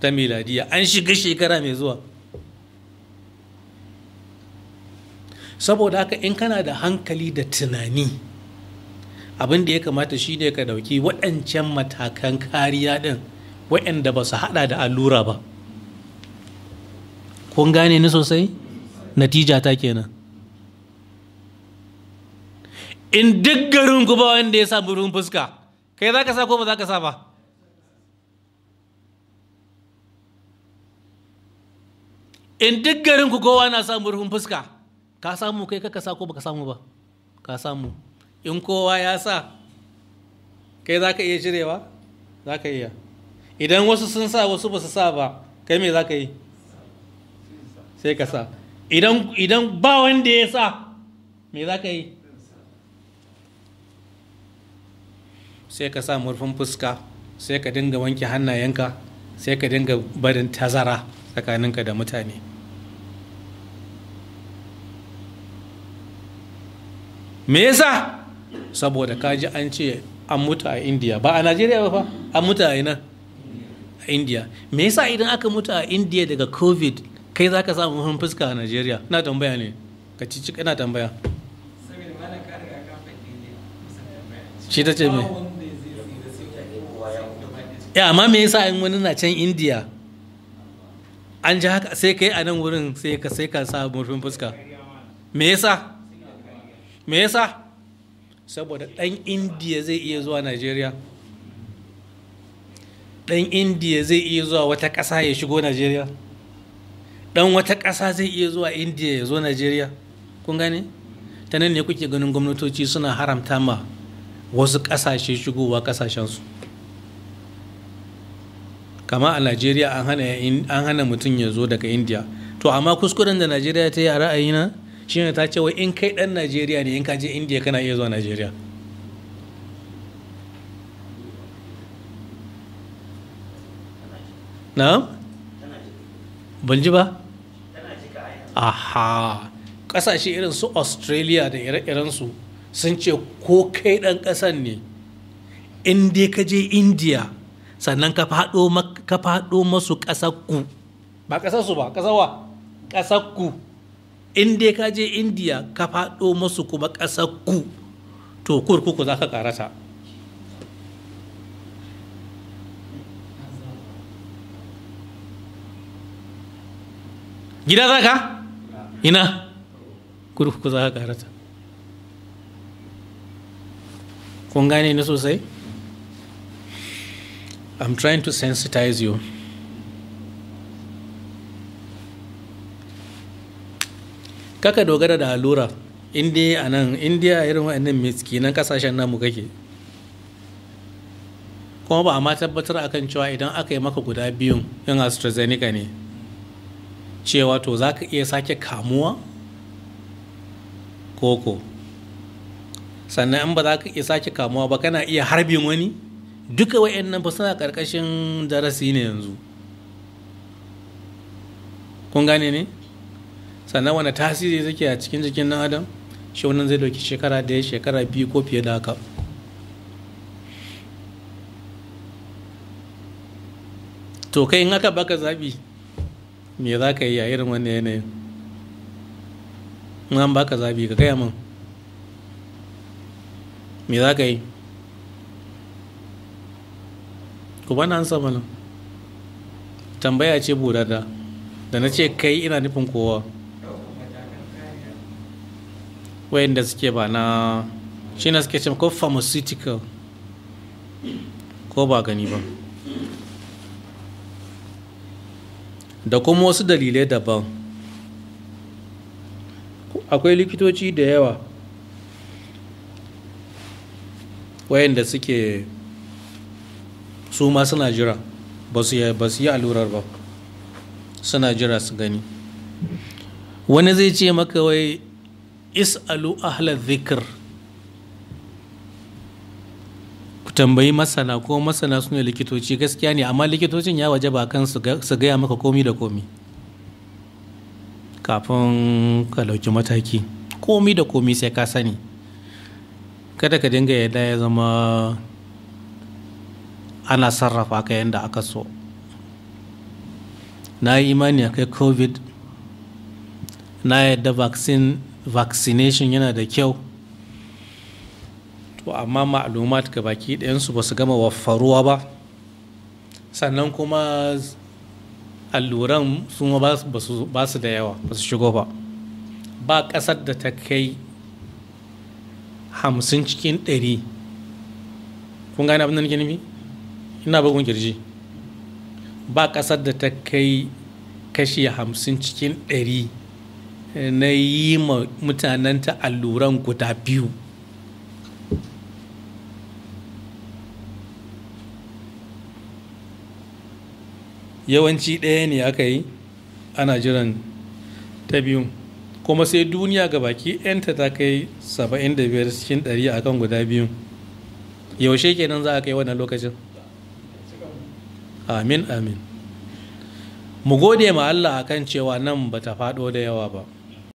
ta miladiya an shiga shekara mai zuwa saboda haka in kana da hankali da tunani abin da ya kamata shi ne ka dauki waɗancan matakan kariya ɗin waɗanda ba su haɗa da allura ba kun gane ni sosai natija ta kenan in duk garin ku ba wanda ya sa burin fuska kai za ka sa ko ba za ka sa ba in duk garin ku kowa na samu rufin fuska ka samu kai ka sa ko baka samu ba ka samu in kowa ya sa kai za ka iya jirewa za ka iya idan wasu sun sa wasu ba su sa ba kai me za ka yi sai ka sa idan ba wanda ya sa me za ka yi sai ka sa murfin fuska sai ka dinga wanke hannayenka sai ka dinga barin tazara tsakaninka da mutane me yasa saboda kaji an ce an mutu a indiya ba a najeriya ba fa an mutu a ina a indiya me yasa idan aka mutu a indiya daga covid kai za ka samu hun fuska a najeriya na tambaya ne ka ci ci kana tambaya shi ta ce me ya amma me yasa in wani na can indiya an ji haka sai kai a nan wurin sai ka sai ka sa murfin fuska me yasa me yasa saboda ɗan indiya zai iya zuwa najeriya ɗan indiya zai iya zuwa wata ƙasa ya shigo najeriya ɗan wata ƙasa zai iya zuwa indiya ya zo najeriya kun gane ta nan ne kuke ganin gwamnatoci suna haramta ma wasu ƙasashe shigowa ƙasashensu kama a najeriya an hana mutum ya zo daga indiya to amma kuskuren da najeriya ta yi a ra'ayi na? shine ta ce wai in kai dan najeriya ne in ka je indiya kana iya zuwa najeriya na ban ba aha kasashe irin su australia da ire iren su sun ce ko kai dan kasan ne in dai ka je indiya sannan ka fado masu kasakku ba ƙasar ba ƙasar wa in dai ka je indiya ka faɗo masu kuma ƙasar ku to kurkuku za ka karata gida za ka ina kurkuku za ka karata kun gane ni sosai i'm trying to sensitize you kaka dogara da allura indiya a nan indiya irin waɗannan miskinan kasashen namu kake kuma ba a ma tabbatar a kan cewa idan aka yi maka guda biyun yin astrazeneca ne cewa to za ka iya sake kamuwa koko sannan in ba za ka iya sake kamuwa ba kana iya harbin wani duka waɗannan ba suna ƙarƙashin darasi ne yanzu kun gane ne sannan wani tasiri take a cikin jikin na adam shi wannan zai dauki shekara ɗaya shekara biyu ko fiye da haka to kai in aka baka zabi me za ka yi a irin wannan yanayin in an baka zabi ka gaya min me za ka yi ku bana an sama nan tambaya ce budada da na ce kai ina nufin kowa wayanda suke ba na shi na suke ce ko pharmaceutical ko ba gani ba da kuma wasu dalilai daban akwai likitoci da yawa wayanda suke su ma suna jira ba su yi al'urar ba suna jira su gani wani zai ce maka wai Is is'alu ahla zikir ku tambayi masana ko masana su likitoci gaskiya ne amma likitocin ya waje ba kan su gaya maka komi da komi kafin ka dauki mataki komi da komi sai ka sani kada ka dinga yadda ya zama ana sarrafa ka yadda aka so na yi imani kai covid na yadda vaccine vaccination yana da kyau to amma ma'alumat ga baki ɗayansu ba su gama waffaruwa ba sannan kuma alluran su ba su da yawa ba su shigo ba ba ƙasar da ta kai hamsin cikin ɗari kun gane abin da nake nufi ina bugun kirji ba ƙasar da ta kai kashi hamsin cikin ɗari na yi ma mutanenta alluran guda biyu yawanci ɗaya ne aka yi ana jiran ta biyu kuma sai duniya ga baki yanta ta kai 75 cikin 100 akan guda biyu yaushe kenan za a kai wannan lokacin amin amin mu gode ma allah akan cewa nan ba ta faɗo da yawa ba